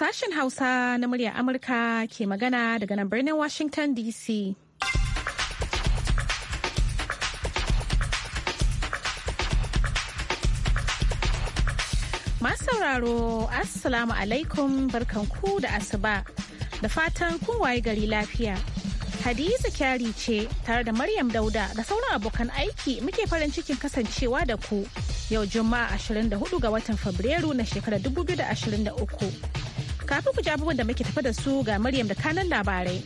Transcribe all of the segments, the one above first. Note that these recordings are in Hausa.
Sashen Hausa na murya Amurka ke magana daga nan birnin Washington DC. Masu sauraro, Assalamu alaikum barkanku da asuba. Da fatan kun waye gari lafiya. Hadiza kyari ce tare da Maryam Dauda da sauran abokan aiki muke farin cikin kasancewa da ku yau Juma'a 24 ga watan Fabrairu na shekarar 2023. Kafin ku ji abubuwan da muke tafi da su ga Maryam da kanan labarai.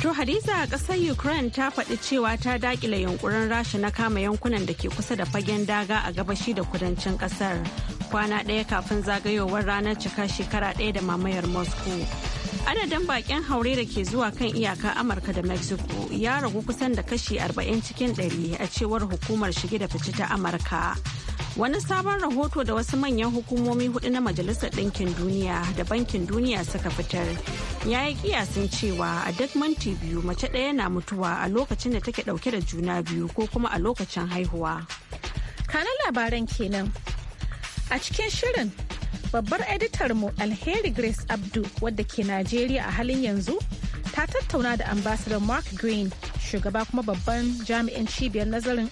To Hadiza a ƙasar Ukraine ta faɗi cewa ta dakile yunkurin Rasha na kama yankunan da ke kusa da fagen daga a gabashi da kudancin ƙasar. kwana ɗaya kafin zagayowar ranar cika shekara ɗaya da mamayar Moscow. Adadin baƙin haure da ke zuwa kan iyaka Amurka da Mexico ya ragu kusan da kashi 40 cikin 100 a cewar hukumar shige da fice ta Amurka. wani sabon rahoto da wasu manyan hukumomi hudu na majalisar ɗinkin duniya da bankin duniya suka fitar ya yi kiyasin cewa a duk minti biyu mace ɗaya na mutuwa a lokacin da take ɗauke da juna biyu ko kuma a lokacin haihuwa kanan labaran kenan a cikin shirin babbar editar mu alheri grace abdu wadda ke najeriya a halin yanzu ta tattauna da ambassador mark green shugaba kuma babban jami'in cibiyar nazarin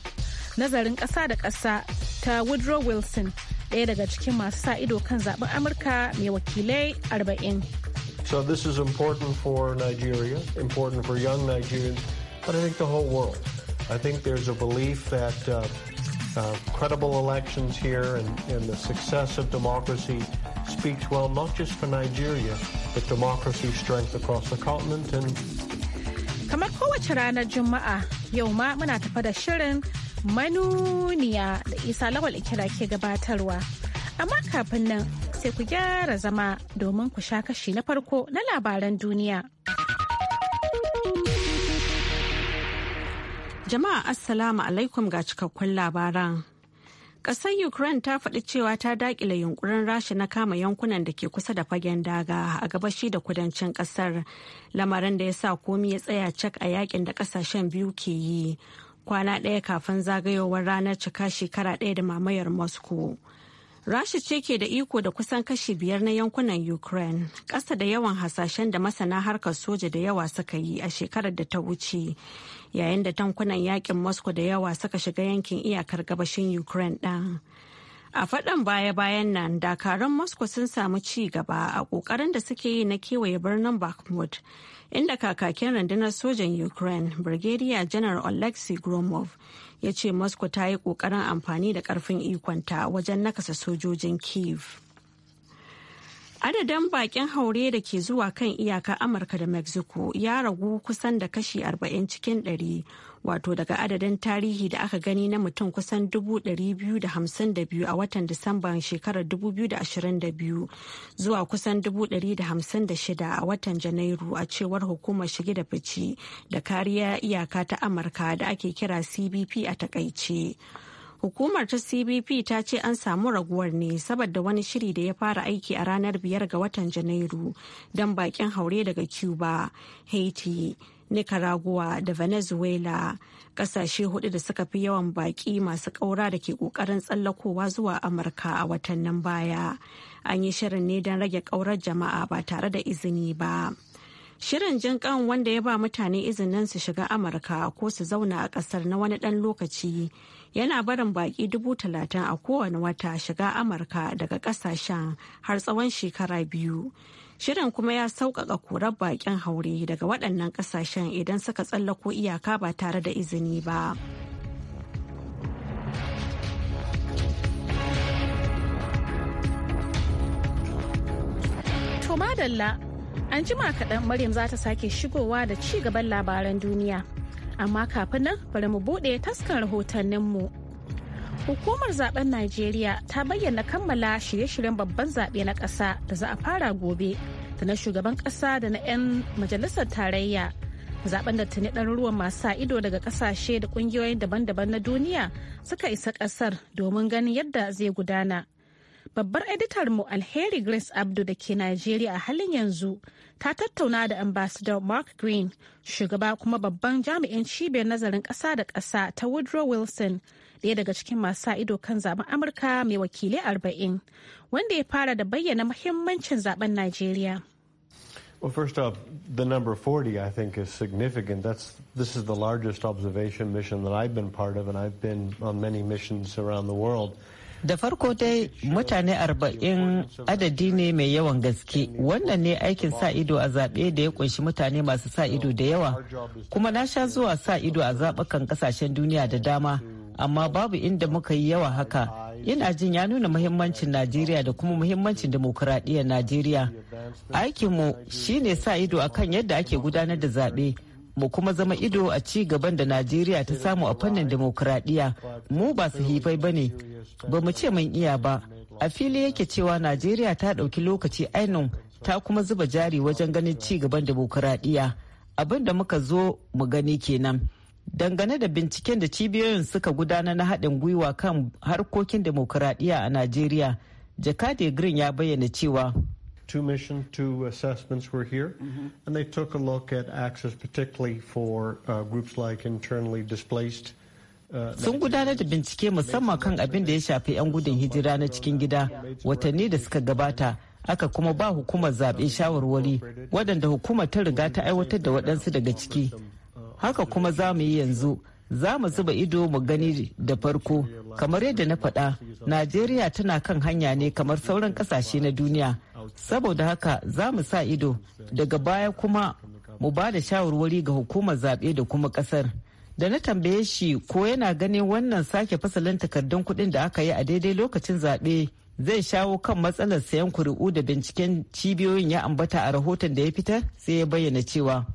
nazarin ƙasa da ƙasa ta woodrow wilson ɗaya daga cikin masu sa ido kan zaben amurka mai wakilai 40 so this is important for nigeria important for young nigerians but i think the whole world i think there's a belief that uh, uh, credible elections here and, and the success of democracy speaks well not just for nigeria but democracy strength across the continent and shirin manuniya da isa lawal ikira ke gabatarwa amma kafin nan sai ku gyara zama domin ku sha kashi na farko na labaran duniya jama'a assalamu alaikum ga cikakkun labaran Ƙasar Ukraine ta faɗi cewa ta daƙile yunkurin rasha na kama yankunan da ke kusa da fagen daga a gabashi da kudancin ƙasar, lamarin da ya sa komi ya tsaya cak a yakin da ƙasashen biyu ke yi. kwana ɗaya kafin zagayowar ranar cika shekara ɗaya da mamayar moscow rasha ce ke da iko da kusan kashi biyar na yankunan ukraine ƙasa da yawan hasashen da masana harkar soja da yawa suka yi a shekarar da ta wuce yayin da tankunan yakin moscow da yawa suka shiga yankin iyakar gabashin ukraine ɗan. A faɗan baya-bayan nan dakarun Moscow sun samu ci gaba a ƙoƙarin da suke yi na kewaye birnin Bakhmut, inda kakakin rundunar sojan Ukraine, Brigadier General Oleksiy Gromov, ya ce Moscow ta yi ƙoƙarin amfani da ƙarfin ikonta wajen nakasa sojojin Kiev. Adadin bakin haure da ke zuwa kan iyaka Amurka da Mexico ya ragu kusan da kashi 40 cikin 100 wato daga adadin tarihi da aka gani na mutum kusan 252 a watan Disamban shekarar 2022 zuwa kusan 156 a watan Janairu a cewar hukumar shige da fice da kariya iyaka ta Amurka da ake kira CBP a takaice. Hukumar ta CBP ta ce an samu raguwar ne saboda wani shiri da ya fara aiki a ranar biyar ga watan Janairu don bakin haure daga Cuba, Haiti, Nicaragua da Venezuela, kasashe hudu da suka fi yawan baki masu kaura da ke ƙoƙarin tsallakowa zuwa Amurka a watannin baya. An yi shirin ne don rage ƙaurar jama'a ba tare da izini ba. Shirin jin kan wanda ya ba mutane izinin su shiga Amurka ko su zauna a kasar na wani ɗan lokaci yana barin baƙi dubu talatin a kowane wata shiga Amurka daga ƙasashen har tsawon shekara biyu. Shirin kuma ya sauƙaƙa korar baƙin haure daga waɗannan ƙasashen idan suka tsallako iyaka ba tare da izini ba. To madalla An jima kaɗan Maryam za ta sake shigowa da ci gaban labaran duniya. Amma kafin nan bari mu buɗe taskar rahotanninmu. Hukumar zaben Najeriya ta bayyana kammala shirye-shiryen babban zaɓe na ƙasa da za a fara gobe da na shugaban ƙasa da na 'yan majalisar tarayya. Zaben da tuni ɗaruruwan masu sa ido daga ƙasashe da ƙungiyoyin daban-daban na duniya suka isa ƙasar domin ganin yadda zai gudana. babbar editar mu alheri grace abdu da ke Nigeria a halin yanzu ta tattauna da ambassador mark green shugaba kuma babban jami'in cibiyar nazarin ƙasa da ƙasa ta woodrow wilson ɗaya daga cikin masu ido kan zaben amurka mai wakilai arba'in wanda ya fara da bayyana mahimmancin zaben najeriya Well, first off, the number 40, I think, is significant. That's, this is the largest observation mission that I've been part of, and I've been on many missions around the world. Da farko dai mutane arba'in adadi ne mai yawan gaske. Wannan ne aikin sa ido a zaɓe da ya ƙunshi mutane masu sa ido da yawa. Kuma na sha zuwa sa ido a zaɓukan ƙasashen duniya da dama. Amma babu inda muka yi yawa haka. Ina jin ya nuna muhimmancin Najeriya da kuma muhimmancin demokuraɗiyyar Najeriya. Aikinmu shine sa ido akan yadda ake gudanar da zaɓe. mu kuma zama ido a ci gaban da Najeriya ta samu a fannin demokuraɗiyya mu ba su hifai ba ne ba mu ce mun iya ba a fili yake cewa Najeriya ta ɗauki lokaci ainun ta kuma zuba jari wajen ganin ci gaban demokuraɗiyya abin da muka zo mu gani kenan. dangane da binciken da cibiyoyin suka gudana na haɗin gwiwa kan harkokin demokuraɗiyya a najeriya jakade green ya bayyana cewa two mission, two assessments were here, mm-hmm. and they took a look at access, particularly for uh, groups like internally displaced. Uh, Sun gudanar da bincike musamman kan abin da ya shafi 'yan gudun hijira na cikin gida watanni da suka gabata aka kuma ba hukumar zaɓe shawarwari waɗanda hukumar ta riga ta aiwatar da waɗansu daga ciki. Haka kuma za mu yi yanzu za mu zuba ido mu gani da farko kamar yadda na faɗa najeriya tana kan hanya ne kamar sauran ƙasashe na duniya saboda haka za mu sa ido daga baya kuma mu ba da shawarwari ga hukumar zaɓe da kuma ƙasar da na tambaye shi ko yana ganin wannan sake fasalin takardun kuɗin da aka yi a daidai lokacin zaɓe zai shawo kan matsalar sayan kuri'u da binciken cibiyoyin ya ambata a rahoton da ya fitar sai ya bayyana cewa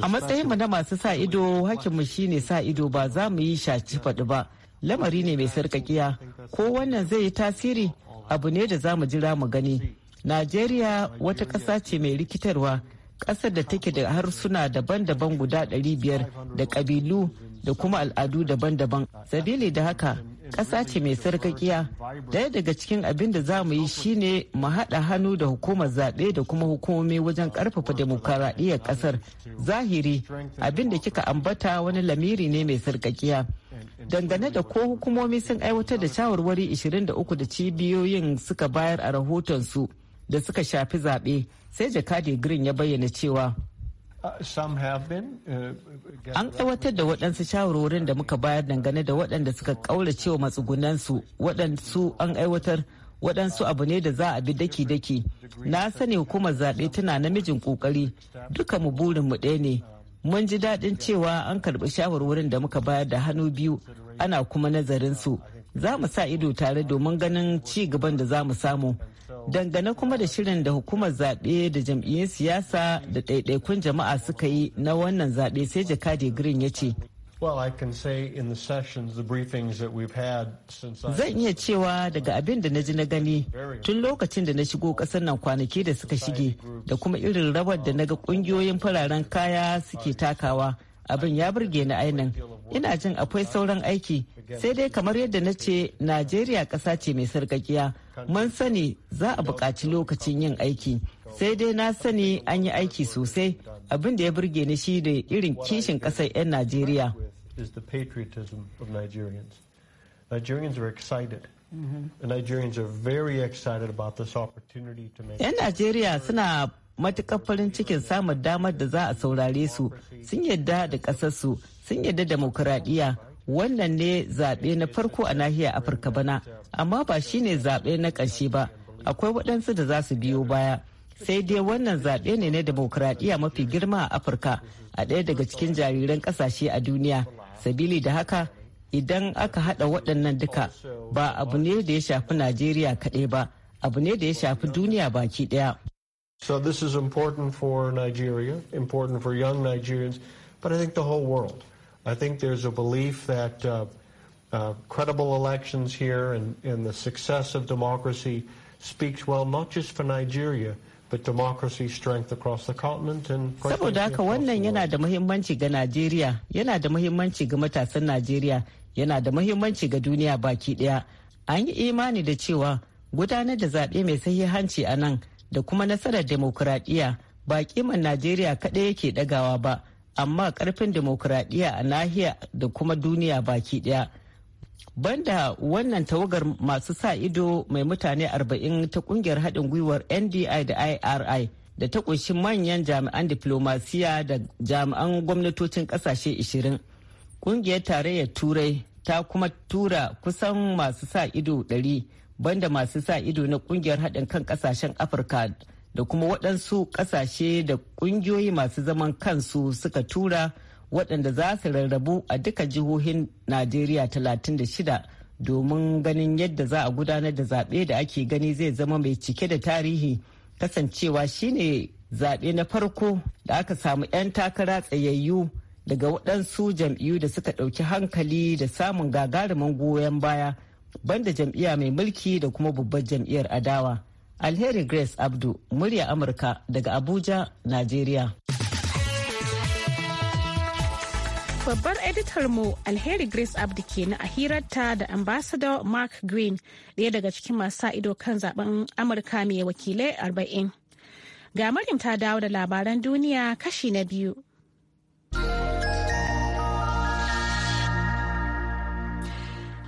a matsayin mu na masu sa ido hakinmu shine sa ido ba za mu yi shaci faɗi ba lamari ne mai sarkakiya ko wannan zai yi tasiri abu ne da za mu jira mu gani najeriya wata ƙasa ce mai rikitarwa ƙasar da take da harsuna daban-daban guda 500 da ƙabilu da kuma al'adu daban-daban sabili da haka ƙasa ce mai sarkakiya daya daga cikin abin da za mu yi shine mu haɗa hannu da hukumar zaɓe da kuma hukumomi wajen ƙarfafa demokaradiyyar ƙasar zahiri abin da kika ambata wani lamiri ne mai sarkakiya dangane da ko hukumomi sun aiwatar da shawarwari 23 da cibiyoyin suka bayar a rahoton su da suka shafi zaɓe sai jakadi green ya bayyana cewa Uh, an tsawatar da waɗansu shawarwarin da muka bayar dangane da waɗanda suka ƙaurace wa matsugunansu waɗansu an aiwatar waɗansu abu ne da za a bi daki-daki. Na sani hukumar zaɓe tana namijin ƙoƙari duka mu burin mu ɗaya ne. Mun ji daɗin cewa an karɓi shawarwarin da muka bayar da hannu biyu ana kuma nazarin su. Za mu sa ido tare domin ganin ci gaban da za mu samu. dangane kuma da shirin da hukumar zaɓe da jam'iyyar siyasa da ɗaiɗaikun jama'a suka yi na wannan zaɓe sai jakadi green ya ce Zan iya cewa daga abin da na ji na gani tun lokacin da na shigo ƙasar nan kwanaki da suka shige da kuma irin rawar da na ga ƙungiyoyin fararen kaya suke takawa abin ya burge ni ainin. Ina jin akwai sauran aiki sai dai kamar yadda na ce Najeriya ƙasa ce mai sarƙaƙiya mun sani za a bukaci lokacin yin aiki sai dai na sani an yi aiki sosai abin da ya burge ni shi da irin kishin ƙasar 'yan mm-hmm. 'yan najeriya suna matuƙar farin cikin samun damar da za a saurare su sun yadda da ƙasarsu sun yadda demokuraɗiyya wannan ne zaɓe na farko a nahiyar afirka bana amma ba shine zaɓe na ƙarshe ba akwai waɗansu da za su biyo baya sai dai wannan zaɓe ne na demokuraɗiyya mafi girma a afirka a ɗaya daga cikin jariran ƙasashe a duniya sabili da haka idan aka haɗa waɗannan duka ba abu ne da ya shafi najeriya kaɗai ba abu ne da ya shafi duniya baki ɗaya So this is important for Nigeria, important for young Nigerians, but I think the whole world. I think there's a belief that uh, uh, credible elections here and, and the success of democracy speaks well not just for Nigeria, but democracy strength across the continent and saboda haka wannan yana da muhimmanci ga Najeriya yana da muhimmanci ga matasan Najeriya yana da muhimmanci ga duniya baki daya an yi imani da cewa gudanar da zaɓe mai sahihanci a nan da kuma nasarar demokuraɗiyya ba kiman Najeriya kaɗai yake ɗagawa ba amma karfin demokuraɗiyya a nahiya da kuma duniya baki ɗaya. Banda wannan tawagar masu sa ido mai mutane 40 ta kungiyar haɗin gwiwar NDI da IRI da ta ƙunshi manyan jami'an diplomasiya da jami'an gwamnatocin ƙasashe 20. Kungiyar tarayyar Turai ta kuma tura kusan masu sa ido 100 banda masu sa ido na kungiyar haɗin kan ƙasashen Afirka da kuma waɗansu ƙasashe da ƙungiyoyi masu zaman kansu suka tura waɗanda za su rarrabu a duka jihohin Najeriya 36 domin ganin yadda za a gudanar da zaɓe da ake gani zai zama mai cike da tarihi kasancewa shine zaɓe na farko da aka samu 'yan takara tsayayyu daga waɗansu jam'iyyu da suka ɗauki hankali da samun gagarumin goyon baya banda jam'iyya mai mulki da kuma babbar jam'iyyar adawa. Alheri Grace Abdu, murya Amurka daga Abuja, Najeriya. Babbar editar mu Alheri Grace ke na a hirarta da Ambassador Mark Green, ɗaya daga cikin masu ido kan zaben Amurka mai wakilai 40. Ga Maryam ta dawo da labaran duniya kashi na biyu.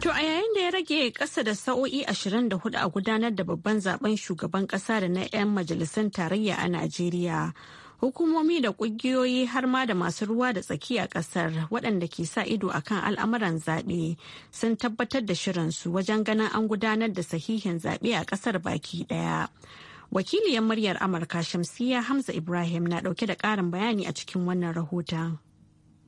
To a yayin da ya rage ƙasa da sa'o'i 24 a gudanar da babban zaben shugaban ƙasa da na 'yan majalisun tarayya a Najeriya. Hukumomi da ƙungiyoyi har ma da masu ruwa da tsaki a ƙasar waɗanda ke sa ido a kan al'amuran zaɓe sun tabbatar da shirinsu wajen ganin an gudanar da sahihin zaɓe a ƙasar baki ɗaya. Wakiliyar muryar Amurka Shamsiyya Hamza Ibrahim na ɗauke da ƙarin bayani a cikin wannan rahoton.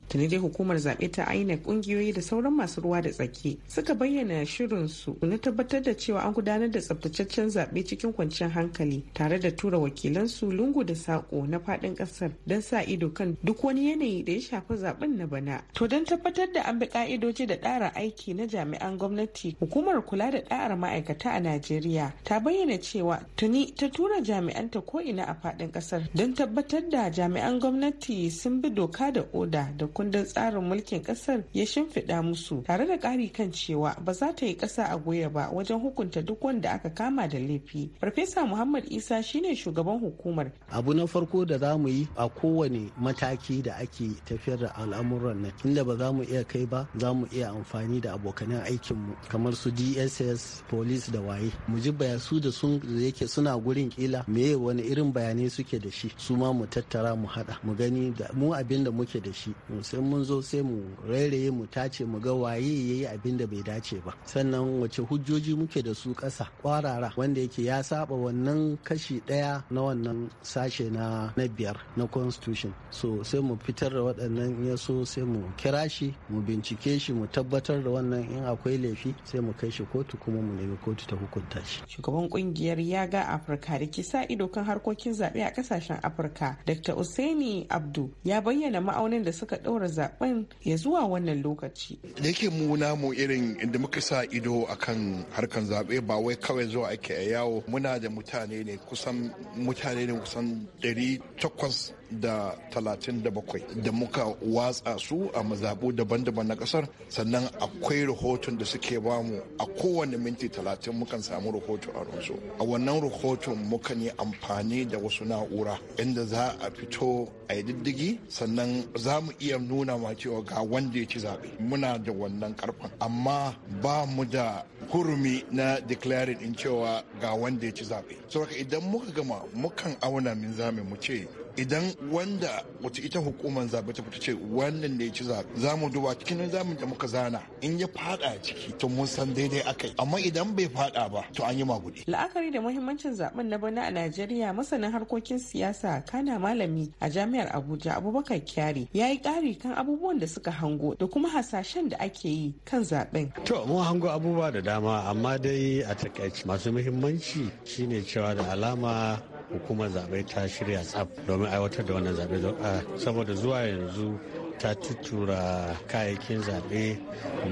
tuni dai hukumar zaɓe ta aina ƙungiyoyi da sauran masu ruwa da tsaki suka bayyana shirin su na tabbatar da cewa an gudanar da tsaftataccen zaɓe cikin kwanciyar hankali tare da tura wakilan su lungu da sako na faɗin ƙasar don sa ido kan duk wani yanayi da ya shafi zaɓen na bana to don tabbatar da an bi ƙa'idoji da ɗara aiki na jami'an gwamnati hukumar kula da ɗa'ar ma'aikata a najeriya ta bayyana cewa tuni ta tura jami'anta ko'ina a faɗin ƙasar don tabbatar da jami'an gwamnati sun bi doka da oda da kundin tsarin mulkin kasar ya shimfiɗa musu tare da ƙari kan cewa ba za ta yi ƙasa a goya ba wajen hukunta duk wanda aka kama da laifi. Farfesa Muhammad Isa shine shugaban hukumar. Abu na farko da za mu yi a kowane mataki da ake tafiyar da al'amuran nan inda ba za mu iya kai ba za mu iya amfani da abokanan aikinmu kamar su DSS, police da waye. Mu ji su da sun yake suna gurin kila meye wani irin bayanai suke da shi su ma mu tattara mu haɗa mu gani da mu abin da muke da shi sai mun zo sai mu rairaye mu tace mu ga waye ya yi abin da bai dace ba sannan wace hujjoji muke da su ƙasa kwarara wanda yake ya saba wannan kashi ɗaya na wannan sashe na na biyar na constitution so sai mu fitar da waɗannan ya so sai mu kira shi mu bincike shi mu tabbatar da wannan in akwai laifi sai mu kai shi kotu kuma mu nemi kotu ta hukunta shi shugaban kungiyar yaga afirka da ke sa ido kan harkokin zaɓe a ƙasashen afirka dr usaini abdu ya bayyana ma'aunin da suka ɗaura ɗaura zaɓen ya zuwa wannan lokaci. Da yake mu namu irin inda muka sa ido akan harkar zaɓe ba wai kawai zuwa ake yawo muna da mutane ne kusan mutane ne kusan ɗari takwas da talatin da bakwai da muka watsa su a mazabu daban-daban na ƙasar sannan akwai rahoton da suke bamu a kowane minti talatin mukan samu rahoto a ransu a wannan rahoton mukan yi amfani da wasu na'ura inda za a fito a yi diddigi sannan za mu iya nuna ma cewa ga wanda ya ci zaɓe muna da wannan karfin amma ba mu da hurumi na declaring in cewa ga wanda ya ci zaɓe saboda idan muka gama mukan auna min zame mu ce idan wanda wata ita hukumar zaɓe ta fita ce wannan ne ci zaɓe za mu duba cikin zamin da muka zana in ya fada ciki to mun san daidai akai amma idan bai fada ba to an yi maguɗi. La'akari da muhimmancin zaɓen na bana a Najeriya masanin harkokin siyasa kana malami a jami'ar Abuja Abubakar Kyari ya yi ƙari kan abubuwan da suka hango da kuma hasashen da ake yi kan zaɓen. To mun hango abubuwa da dama amma dai a takaici masu muhimmanci shine cewa da alama hukumar zaɓe ta shirya tsaf domin aiwatar da wannan zaɓe ah, saboda zuwa yanzu ta tuttura kayayyakin zaɓe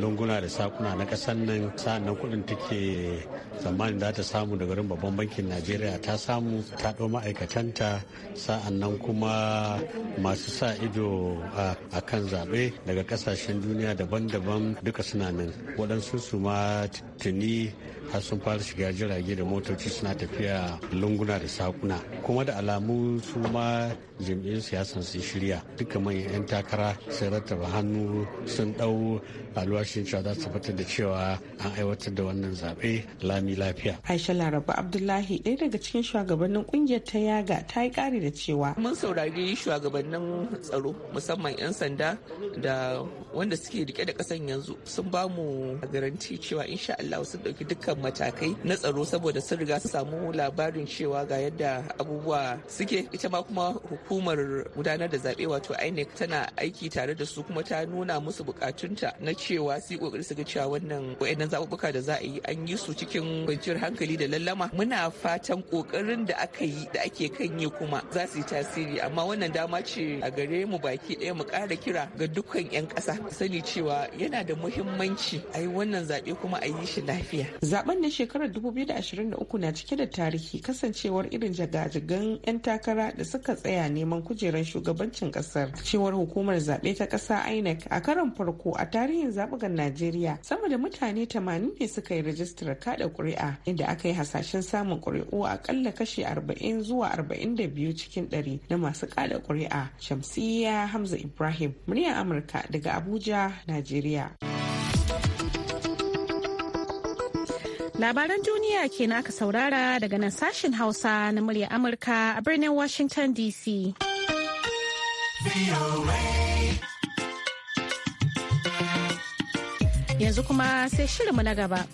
lunguna da sakuna na ƙasar nan sa'annan kuɗin take tsammanin za ta samu daga garin babban bankin najeriya ta samu ta ɗau ma'aikatanta sa'annan kuma masu sa ido a kan zaɓe daga ƙasashen duniya daban-daban duka suna nan waɗansu su ma tuni har sun fara shiga jirage da motoci suna tafiya lunguna da sakuna kuma da alamu su ma siyasan sun shirya duka manyan 'yan takara tarayya hannu sun ɗau alwashin cewa za su fitar da cewa an aiwatar da wannan zabe lami lafiya. Aisha Laraba Abdullahi ɗaya daga cikin shugabannin ƙungiyar ta yaga ta yi ƙari da cewa. Mun saurari shugabannin tsaro musamman 'yan sanda da wanda suke rike da ƙasan yanzu sun ba mu garanti cewa insha Allah sun ɗauki dukkan matakai na tsaro saboda sun riga su samu labarin cewa ga yadda abubuwa suke ita ma kuma hukumar gudanar da zaɓe wato INEC tana aiki aiki tare da su kuma ta nuna musu bukatunta na cewa su yi kokari su ga cewa wannan wayannan zabubuka da za a yi an yi su cikin kwanciyar hankali da lallama muna fatan kokarin da aka yi da ake kan yi kuma za su yi tasiri amma wannan dama ce a gare mu baki ɗaya mu ƙara kira ga dukkan 'yan ƙasa sani cewa yana da muhimmanci a yi wannan zaɓe kuma a yi shi lafiya. Zaben na shekarar 2023 na cike da tarihi kasancewar irin jaga jagan 'yan takara da suka tsaya neman kujerar shugabancin ƙasar cewar hukumar za zaɓe ta ƙasa INEC a karon farko a tarihin zaɓugan Najeriya sama da mutane 80 ne suka yi rajistar kada ƙuri'a inda aka yi hasashen samun ƙuri'u a ƙalla kashi 40 zuwa 42 cikin 100 na masu kada ƙuri'a. Shamsiyya Hamza Ibrahim, muryar Amurka daga Abuja, Najeriya. Labaran duniya ke aka saurara daga nan sashen Hausa na muryar Amurka a birnin Washington DC. Yanzu kuma sai mu na gaba.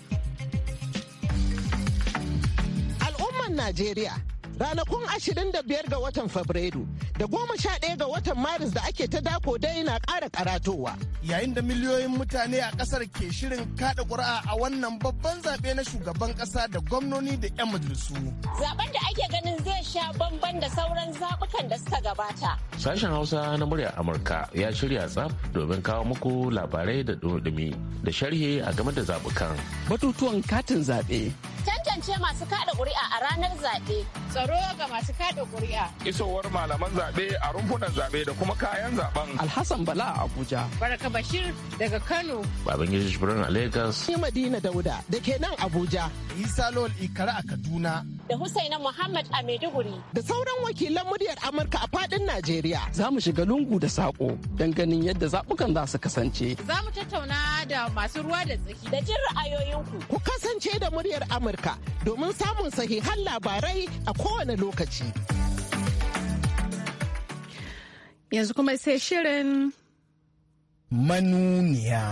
Al'ummar Najeriya ranakun 25 ga watan fabrairu da goma sha 11 ga watan maris da ake ta dako dai na ƙara karatowa yayin da miliyoyin mutane a ƙasar ke shirin kaɗa ƙuri'a a wannan babban zaɓe na shugaban ƙasa da gwamnoni da 'yan majalisu Zaɓen da ake ganin zai sha bamban da sauran zaɓukan da suka gabata sashen hausa na murya amurka ya shirya tsaf domin kawo muku labarai da dumi da sharhi a game da zaɓukan batutuwan katin zaɓe Tantance masu kada ƙuri'a a ranar zaɓe. Tsaro ga masu kada ƙuri'a. Isowar malaman zaɓe a rumfunan zaɓe da kuma kayan zaɓen. Alhassan Bala a Abuja. Baraka Bashir daga Kano. Babangida Jibrin a Lagos. Ni Madina Dauda da ke nan Abuja. Isa Lol Ikara a Kaduna. Da Husaina Muhammad a Maiduguri. Da sauran wakilan muryar Amurka a faɗin Najeriya. Za mu shiga lungu da saƙo don ganin yadda zaɓukan za su kasance. Za mu tattauna da masu ruwa da tsaki. Da jin ra'ayoyinku. Ku kasance da muryar Amurka. Amurka domin samun sahihan labarai a kowane lokaci. Yanzu kuma sai shirin manuniya.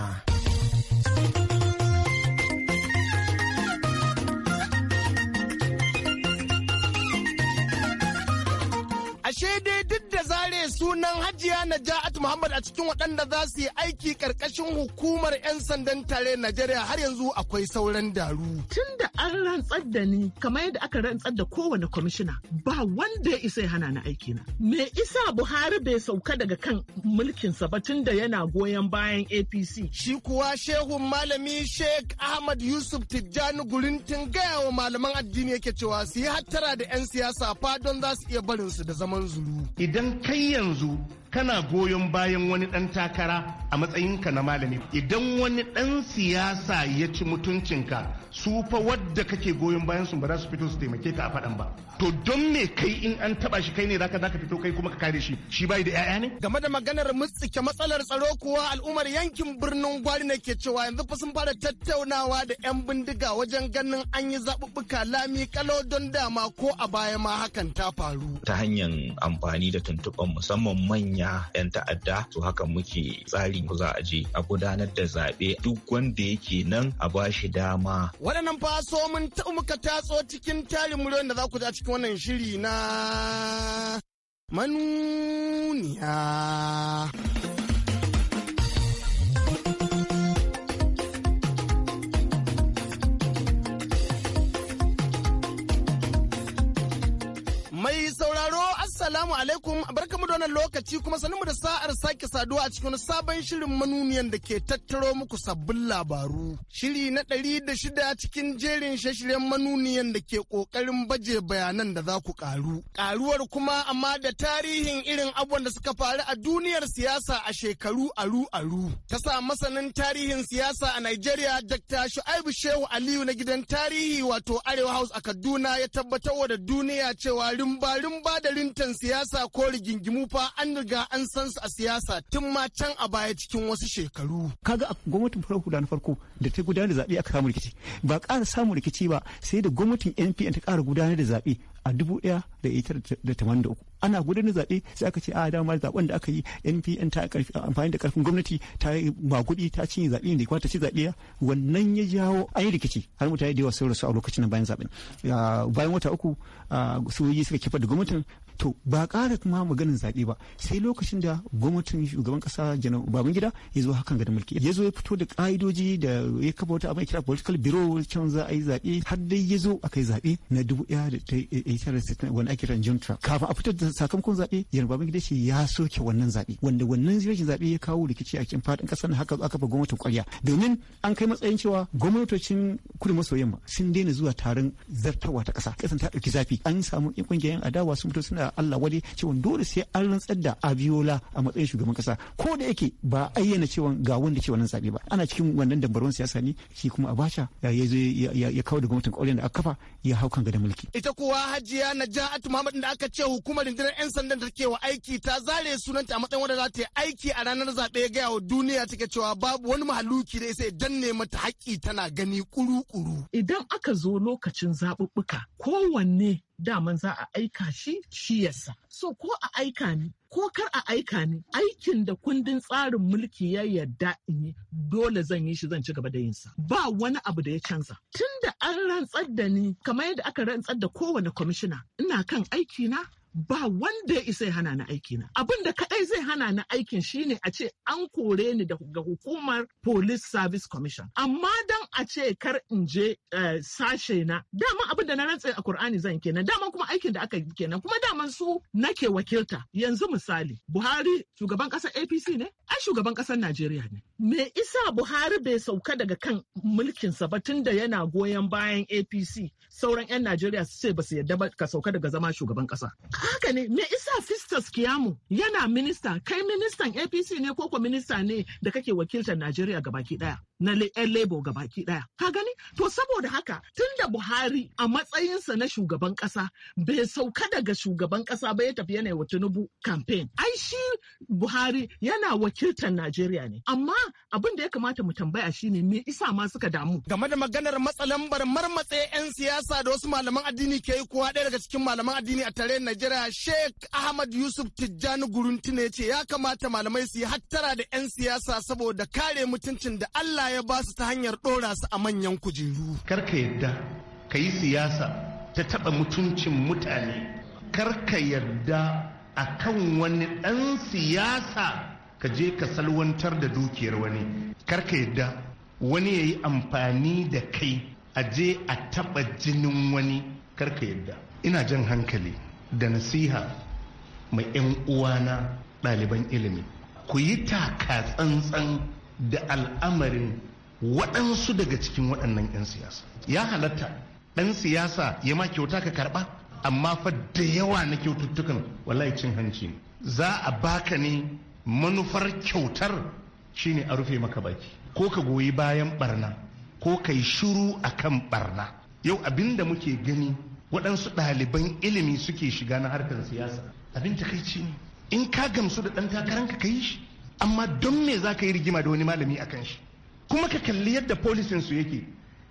Ashe dai duk da zare kare sunan Hajiya Naja'at Muhammad a cikin waɗanda za su yi aiki ƙarƙashin hukumar 'yan sandan tare Najeriya har yanzu akwai sauran daru. Tun da an rantsar da ni kamar yadda aka rantsar da kowane kwamishina ba wanda ya isa ya hana ni aiki na. Me isa Buhari bai sauka daga kan mulkinsa ba tun da yana goyon bayan APC. Shi kuwa Shehu, malami Sheikh Ahmad Yusuf Tijjani Gurintin gaya wa malaman addini yake cewa su yi hattara da 'yan siyasa fa don za su iya barinsu da zaman zuru. Idan kai 建筑。kana goyon bayan wani ɗan takara a matsayinka na malami idan wani ɗan siyasa ya ci mutuncinka su fa wadda kake goyon bayan su ba za su fito su taimake ka a faɗan ba to don me kai in an taba shi kai ne zaka zaka fito kai kuma ka kare shi shi bai da ƴaƴa ne game da maganar mutsike matsalar tsaro kuwa al'ummar yankin birnin gwari ne ke cewa yanzu fa sun fara tattaunawa da yan bindiga wajen ganin an yi zaɓuɓɓuka lami kalo don dama ko a baya ma hakan ta faru ta hanyar amfani da tuntuɓan musamman manya manya 'yan ta'adda to haka muke tsari ku za a je a gudanar da zaɓe duk wanda yake nan a ba shi dama. Waɗannan faso so mun taɓa muka tatso cikin tarin muryoyin da za ku a cikin wannan shiri na manuniya. alaikum barka mu da wannan lokaci kuma sanin mu da sa'ar sake saduwa a cikin sabon shirin manuniyan da ke tattaro muku sabbin labaru. Shiri na ɗari da shida cikin jerin shashiryen manuniyan da ke ƙoƙarin baje bayanan da za ku ƙaru. Ƙaruwar kuma amma da tarihin irin abubuwan da suka faru a duniyar siyasa a shekaru aru-aru. Ta sa masanin tarihin siyasa a Najeriya Dr. Shu'aibu Shehu Aliyu na gidan tarihi wato Arewa House a Kaduna ya tabbatar wa da duniya cewa rimba-rimba da rintan siyasa siyasa ko rigingimu fa an riga an san su a siyasa tun ma can a baya cikin wasu shekaru. Kaga a gwamnatin farko da na farko da ta gudanar da zaɓe aka samu rikici ba ƙara samun rikici ba sai da gwamnatin NPN ta ƙara gudanar da zaɓe a dubu ɗaya da da taman da uku ana gudanar zaɓe sai aka ce a ah, damar zaɓen da aka yi npn ta amfani da karfin gwamnati ta yi magudi ta cinye zaɓe ne kuma ta ci zaɓe wannan ya jawo an yi rikici har mutane da yawa sun rasu a lokacin bayan zaɓen bayan wata uku yi suka kifar da gwamnatin to ba ƙara kuma maganin zaɓe ba sai lokacin da gwamnatin shugaban ƙasa janar babangida ya zo hakan ga da mulki ya zo ya fito da ƙa'idoji da ya kafa wata abin kira political bureau can za a yi zaɓe har dai ya zo aka yi zaɓe na dubu ɗaya da wani ake kiran junta kafin a fitar da sakamakon zaɓe yan gida ce ya soke wannan zaɓe wanda wannan rashin zaɓe ya kawo rikici a cikin faɗin ƙasar haka aka ba gwamnatin ƙwarya domin an kai matsayin cewa gwamnatocin kudu maso yamma sun daina zuwa taron zartarwa ta ƙasa ƙasar ta ɗauki zafi an samu yan ƙungiyoyin adawa sun fito suna Allah wade cewa dole sai an rantsar da Abiola a matsayin shugaban ƙasa ko da yake ba ayyana cewa ga wanda ce wannan zaɓe ba ana cikin wannan dambarwan siyasa ne shi kuma Abacha ya zo ya kawo da gwamnatin ƙwarya da aka kafa ya hau kan mulki ita kuwa hajiya naja'atu muhammad da aka ce hukumar rundunar 'yan sandan da take wa aiki ta zare sunanta a matsayin wanda za ta yi aiki a ranar zaɓe gaya wa duniya take cewa babu wani mahaluki da isa danne mata haƙƙi tana gani kuru-kuru. Idan aka zo lokacin zaɓuɓɓuka kowanne daman za a aika shi shi yasa. So ko a aika ni ko kar a aika ni aikin da kundin tsarin mulki ya yarda in yi dole zan yi shi zan ci gaba da yin sa ba wani abu da ya canza tunda an rantsar da ni kamar yadda aka rantsar da kowane kwamishina ina kan aiki na ba wanda ya isa ya hana ni aiki na abin da kaɗai zai hana ni aikin shine a ce an kore ni ga hukumar police service commission amma dan a ce kar in je eh, sashe na dama abin da na rantse a Kur'ani zan kenan dama kuma aikin da aka yi kenan kuma daman su nake wakilta yanzu misali Buhari shugaban kasar APC ne ai shugaban kasar Najeriya ne me isa Buhari bai sauka daga kan mulkin sa ba tun da yana goyon bayan APC sauran 'yan Najeriya su ce ba su yarda ba ka sauka daga zama shugaban ƙasa? haka ne me isa Fistus Kiyamu yana minista kai ministan APC ne ko ko minista ne da kake wakiltar Najeriya gabaki daya na yan ga gabaki daya ka gani to saboda haka tun da Buhari a matsayinsa na shugaban kasa bai sauka daga shugaban kasa ba ya tafi yanayi wa Tinubu campaign ai shi Buhari yana wakiltar Najeriya ne. Amma abin da ya kamata mu tambaya shine me isa ma suka damu. Game da maganar matsalambar marmatse 'yan siyasa da wasu malaman addini ke yi kuwa ɗaya daga cikin malaman addini a tarayyar Najeriya Sheikh Ahmad Yusuf Tijjani Gurunti ne ce ya kamata malamai su yi hattara da 'yan siyasa saboda kare mutuncin da Allah ya ba su ta hanyar ɗora su a manyan kujeru. Kar yadda ka yi siyasa ta taɓa mutuncin mutane. Kar ka yarda a kan wani ɗan siyasa ka je ka salwantar da dukiyar wani karka yadda wani ya yi amfani da kai a je a taɓa jinin wani karka yadda ina jan hankali da nasiha mai 'yan uwana ɗaliban ilimi ku yi taka tsantsan da al'amarin waɗansu daga cikin waɗannan 'yan siyasa ya halatta ɗan siyasa ya ma kyauta ka karɓa amma fa da yawa na kyaututtukan wallahi cin hanci ne za a baka ne manufar kyautar shine a rufe maka baki ko ka goyi bayan barna ko ka yi shuru a kan barna yau abin muke gani waɗansu ɗaliban ilimi suke shiga na harkar siyasa abin takaici ne in ka gamsu da ɗan takaranka ka yi shi amma don me za ka yi rigima da wani malami a kan shi kuma ka kalli yadda polisinsu yake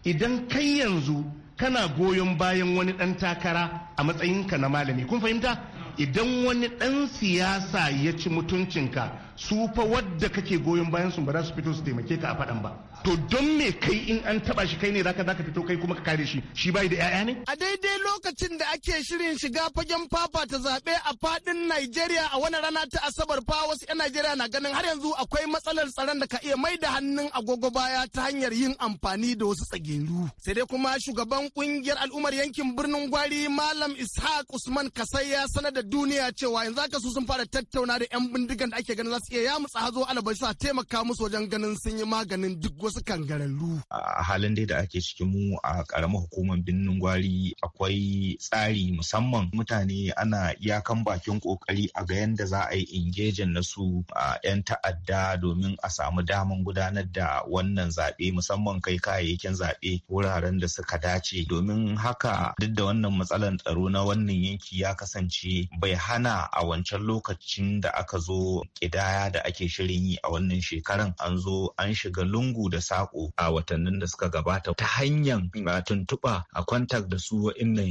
idan kai yanzu kana goyon bayan wani ɗan takara a matsayinka na malami kun fahimta idan wani ɗan siyasa ya ci mutuncinka su fa wadda kake goyon bayan su ba za su fito su taimake ka a faɗan ba to don me kai in an taba shi kai ne zaka zaka fito kai kuma ka kare shi shi bai da yaya ne a daidai lokacin da ake shirin shiga fagen fafa ta zabe a fadin Najeriya a wani rana ta Asabar fa wasu 'yan Najeriya na ganin har yanzu akwai matsalar tsaron da ka iya mai da hannun agogo baya ta hanyar yin amfani da wasu tsageru sai dai kuma shugaban kungiyar al'ummar yankin birnin Gwari Malam Ishaq Usman Kasai ya sanar da duniya cewa yanzu haka su sun fara tattauna da 'yan bindigan da ake ganin za su ya mutsa hazo alabai sa taimaka musu wajen ganin sun yi maganin duk wasu kangararru. A halin dai da ake cikin mu a karamar hukumar birnin gwari akwai tsari musamman mutane ana iyakan bakin kokari a ga yadda za a yi ingejin na su a 'yan ta'adda domin a samu daman gudanar da wannan zaɓe musamman kai kayayyakin zaɓe wuraren da suka dace domin haka duk da wannan matsalar tsaro na wannan yanki ya kasance bai hana a wancan lokacin da aka zo ƙida kaya da ake shirin yi a wannan shekaran an zo an shiga lungu da sako. a watannin da suka gabata ta hanyar tuntuɓa a kwantar da su inna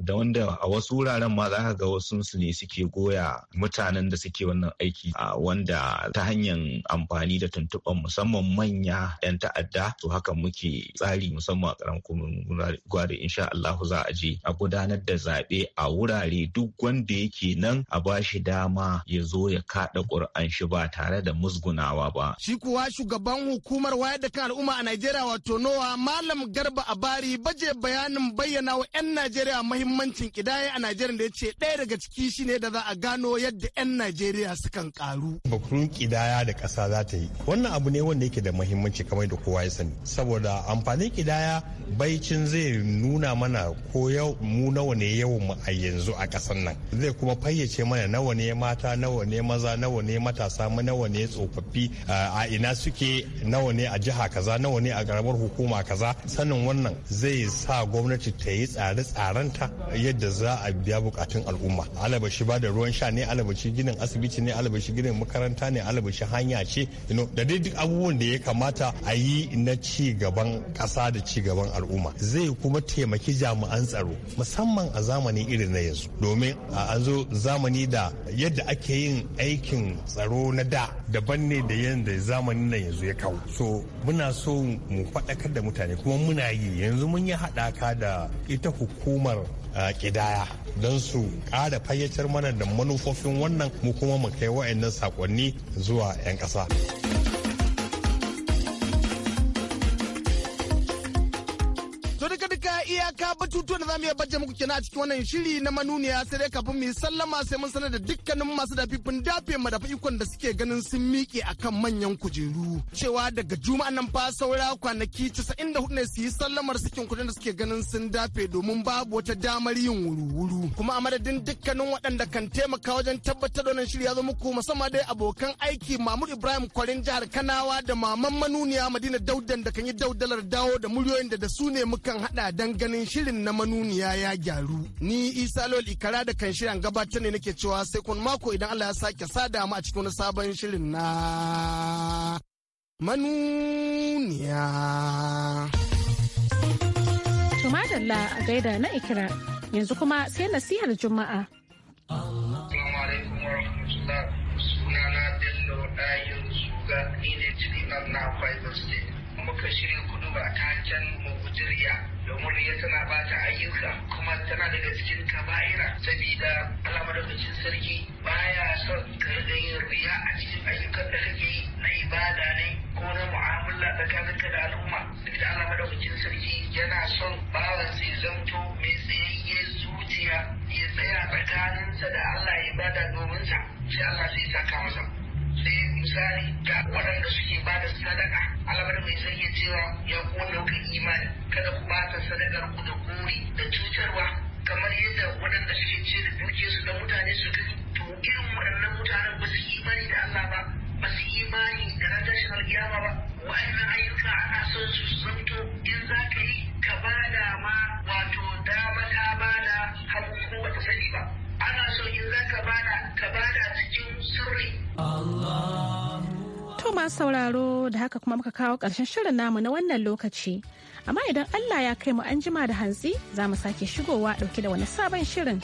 da wanda a wasu wuraren ma za ga wasu su ne suke goya mutanen da suke wannan aiki a wanda ta hanyar amfani da tuntuɓan musamman manya 'yan ta'adda to haka muke tsari musamman a kumin gwari insha Allahu za a je a gudanar da zaɓe a wurare duk wanda yake nan a bashi dama ya zo ya kaɗa ƙur'an shi ba tare da musgunawa ba. Shi kuwa shugaban hukumar wayar da kan al'umma a Najeriya wato Nowa Malam Garba Abari baje bayanin bayyana wa 'yan Najeriya mahimmancin kidaya a Najeriya da ya ce ɗaya daga ciki shine da za a gano yadda 'yan Najeriya sukan karu. Bakurun kidaya da ƙasa za ta yi. Wannan abu ne wanda yake da mahimmanci kamar da kowa ya sani. Saboda amfanin kidaya baicin zai nuna mana ko yau mu nawa ne yawan mu a yanzu a ƙasar nan. Zai kuma fayyace mana nawa ne mata nawa ne maza nawa ne matasa samu nawa ne tsofaffi a ina suke nawa ne a jiha kaza nawa ne a karamar hukuma kaza sanin wannan zai sa gwamnati ta yi tsare-tsarenta yadda za a biya bukatun al'umma alabashi ba da ruwan sha ne alabashi ginin asibiti ne alabashi ginin makaranta ne alabashi hanya ce da dai duk abubuwan da ya kamata a yi na ci gaban kasa da ci gaban al'umma zai kuma taimaki jami'an tsaro musamman a zamani irin na yanzu domin an zo zamani da yadda ake yin aikin tsaro na da daban ne da yadda zamanin nan yanzu ya kawo so muna so mu faɗakar da mutane kuma muna yi yanzu mun yi haɗaka da ita hukumar kidaya ah, don su ƙara fayyacar mana da manufofin wannan mu kuma mu kai wa'annan sakonni zuwa 'yan ƙasa. iyaka batutuwan da za mu iya baje muku kenan a cikin wannan shiri na manuniya sai dai kafin mu yi sallama sai mun sanar da dukkanin masu dafifin dafe mu dafa ikon da suke ganin sun miƙe akan manyan kujeru cewa daga juma'a nan fa saura kwanaki 94 ne su yi sallamar sukin kudin da suke ganin sun dafe domin babu wata damar yin wuru-wuru kuma a madadin dukkanin waɗanda kan taimaka wajen tabbatar da wannan shiri ya zo muku musamman dai abokan aiki mamu Ibrahim Kwarin jihar Kanawa da maman manuniya Madina Daudan da kan yi daudalar dawo da muryoyin da da su ne mukan haɗa dan ganin shirin shirin na manuniya ya gyaru ni isa lol ikara da kan shirin gabatar ne nake cewa sai kun mako idan allah ya sake sada mu a cikin wani sabon shirin na manuniya tumadalla a gaida na ikira yanzu kuma sai nasihar juma'a sunana muka shirya kudu ba ta can domin riya tana bata ayyuka kuma tana daga cikin kaba'ira saboda Allah cikin sarki baya son ka yin riya a cikin ayyukan da kake yi na ibada ne ko na mu'amala tsakaninka da al'umma sadakar kori da cutarwa kamar yadda waɗanda suke ce da su da mutane su ke, to irin waɗannan mutanen ba su imani da Allah ba ba su imani da na tashin ba wa'annan ayyuka ana son su zanto in za ka yi ka ba da ma wato dama ta ba da hagu ko ta sani ba ana so in za ka ba da ka ba da cikin sirri. To masu sauraro da haka kuma muka kawo ƙarshen shirin namu na wannan lokaci. amma idan Allah ya kai mu an jima da hantsi za mu sake shigowa ɗauke da wani sabon shirin.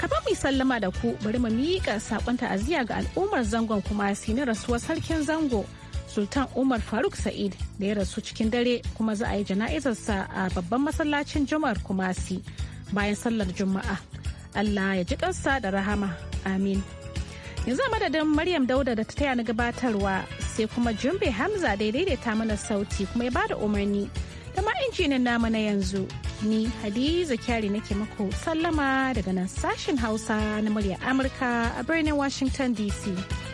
Kafa mu sallama da ku bari mu miƙa saƙon ta'aziyya ga al'ummar zangon kuma na rasuwar sarkin zango Sultan Umar Faruk Sa'id da ya rasu cikin dare kuma za a yi jana'izarsa a babban masallacin Jumar Kumasi bayan sallar Juma'a. Allah ya ji kansa da rahama. Amin. yanzu a madadin maryam dauda da ta taya na gabatarwa sai kuma jumbe hamza da daidaita mana sauti kuma ya bada umarni da injinan namu na yanzu ni hadiza kyari nake muku sallama daga nan sashin hausa na murya amurka a birnin washington dc